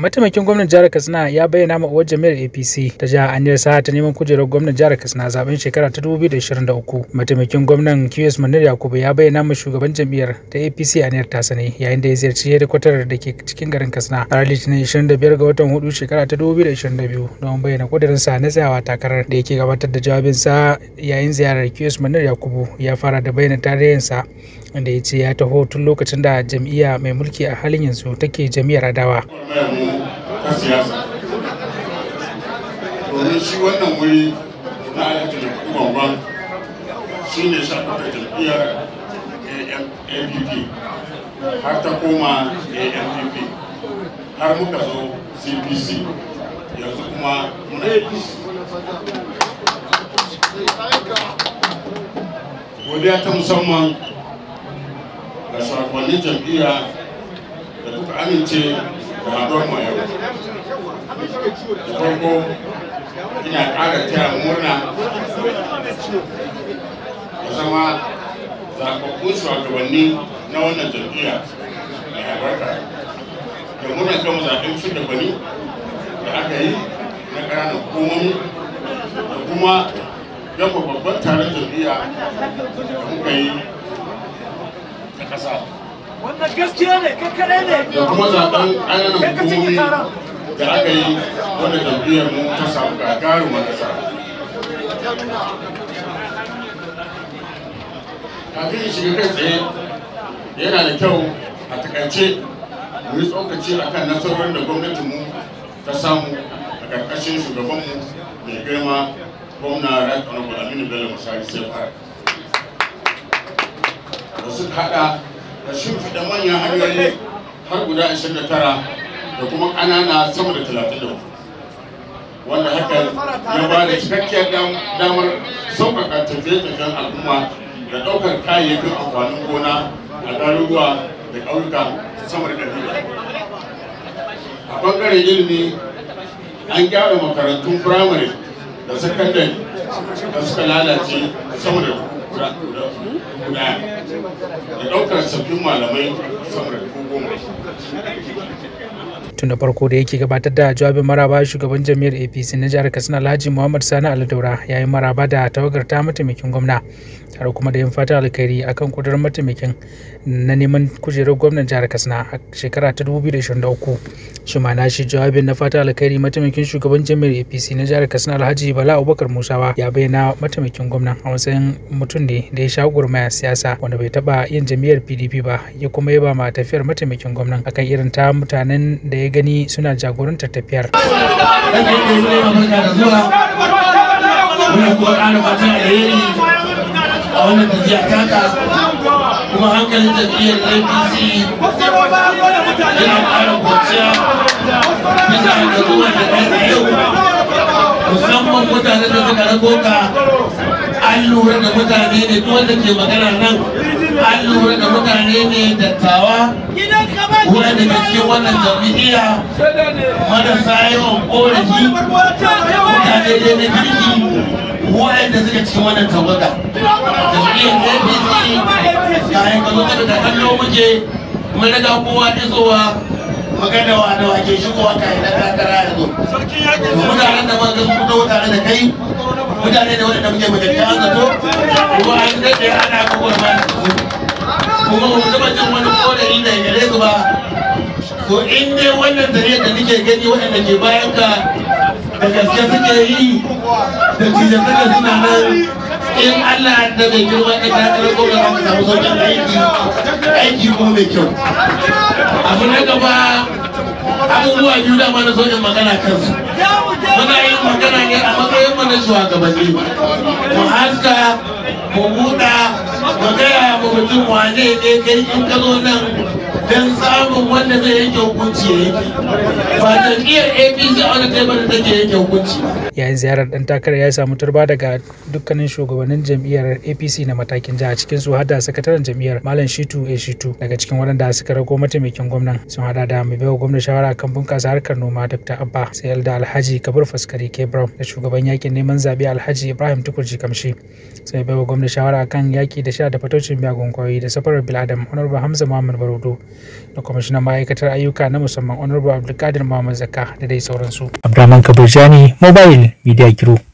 mataimakin gwamnan jihar katsina ya bayyana ma uwar jami'ar apc ta jihar aniyar sa ta neman kujerar gwamnan jihar katsina zaben shekara ta 2023 mataimakin gwamnan qs munir yakubu ya bayyana ma shugaban jami'ar ta apc aniyar ta yayin da ya ziyarci hedikwatar da ke cikin garin katsina a litinin 25 ga watan 4 shekara ta 2022 don bayyana kudirinsa na tsayawa takarar da yake gabatar da jawabinsa yayin ziyarar qs munir yakubu ya fara da bayyana tarihinsa wanda ya ce ya taho tun lokacin da jam'iyya mai mulki a halin yanzu take jam'iyyar adawa domin shi wannan wuri na shi ne jam'iyyar ampp har ta koma ampp har muka zo cpc yanzu kuma muna godiya ta musamman da shugabannin jam'iyya da kuka amince da haɗuwar mu yau da farko ina ƙara taya murna da zama zaɓaɓɓun shugabanni na wannan jam'iyya mai albarka da murna kan zaɓen fidda gwani da aka yi na ƙananan hukumomi da kuma yamma babban taron jam'iyya da muka yi ƙasa wannan gaskiya ne ne da kuma zaɓen ƙananan hukumomi da aka yi wanda jam'iyyar mu ta samu gagarumar nasara kafin shiga kai tsaye yana da kyau a takaice mu yi tsokaci a kan nasarorin da gwamnatinmu ta samu a ƙarƙashin shugabanmu mai girma gwamna right honorable aminu bello musari sai fara da suka hada da shimfiɗa manyan hanyoyi har guda 29 da kuma ƙanana sama da 34 wanda haka ya ba da cikakkiyar damar sauƙaƙa tafiye-tafiyen al'umma da ɗaukar kayayyakin amfanin gona a garuruwa da ƙauyuka sama da ɗari a ɓangaren ilimi an gyara makarantun firamare da sakandare da suka lalace sama da tun da farko da yake gabatar da jawabin maraba shugaban jami'ar apc na jihar katsina alhaji muhammad sani aldaura ya yi maraba da tawagar ta mataimakin gwamna tare kuma da yin fata alkhairi akan kudurar mataimakin na neman kujerar gwamnan jihar katsina a shekara ta 2023 shi ma na shi jawabin na fata alkhairi mataimakin shugaban jami'ar apc na jihar katsina alhaji bala abubakar musawa ya bayyana mataimakin gwamnan a matsayin mutum ne da ya sha gurmaya siyasa wanda bai taba yin jami'ar pdp ba ya kuma yaba ma tafiyar mataimakin gwamnan akan irin ta mutanen da ya gani suna jagorantar tafiyar. muna kuma ƙara fata alheri a wannan tafiya taka kuma hankalin jam'iyyar apc yana ƙara kwanciya bisa ga zuwa da ɗaya yau musamman mutanen da suka ragoka an lura da mutane ne duk wanda ke magana nan an lura da mutane ne dattawa wanda daga cikin wannan jam'iyya marasa yawan korafi mutane dai na kirki wanda suke cikin wannan tawaga jam'iyyar apc kayan ka zo kada ta kallo muke mun riga kowa isowa magana wa da wake shigowa ta idan takara ya zo mutanen da ba su fito tare da kai mutane da wanda muke mutunta an zato kuma an daɗe ana kowa ma da su kuma ba mu taba wani korafi da gare su ba ko in dai wannan zare da nake gani waɗanda ke bayan ka da gaske suke yi da tijantaka suna nan in Allah da bai girma da ta ɗaga ko da za samu sauƙin aiki aiki ko mai kyau abu na gaba abubuwa biyu da ma na sauƙin magana kansu muna mana shugabanni mu haska mu buɗa mu gaya ma mutum wane ne kai in ka zo nan don samun wanda zai yanke hukunci ya yanke ba iya apc a wani taibar da yanke hukunci yayin ziyarar dan takara ya samu turba daga dukkanin shugabannin jam'iyyar apc na matakin jiha cikin su hada sakataren jam'iyyar malam shitu a shitu daga cikin waɗanda suka rago mataimakin gwamnan sun hada da mai baiwa gwamnan shawara kan bunkasa harkar noma dr abba sayar da alhaji kabir faskari Brown, da shugaban yakin neman zaɓe alhaji ibrahim tukurji kamshi sai baiwa gwamnan shawara kan yaki da sha da fatocin miyagun kwayoyi da safarar biladam honorable hamza muhammad barodo na kwamishinan ma'aikatar ayyuka na musamman honorable abdulkadir muhammad zaka da dai sauransu abdulrahman kabirjani mobile media group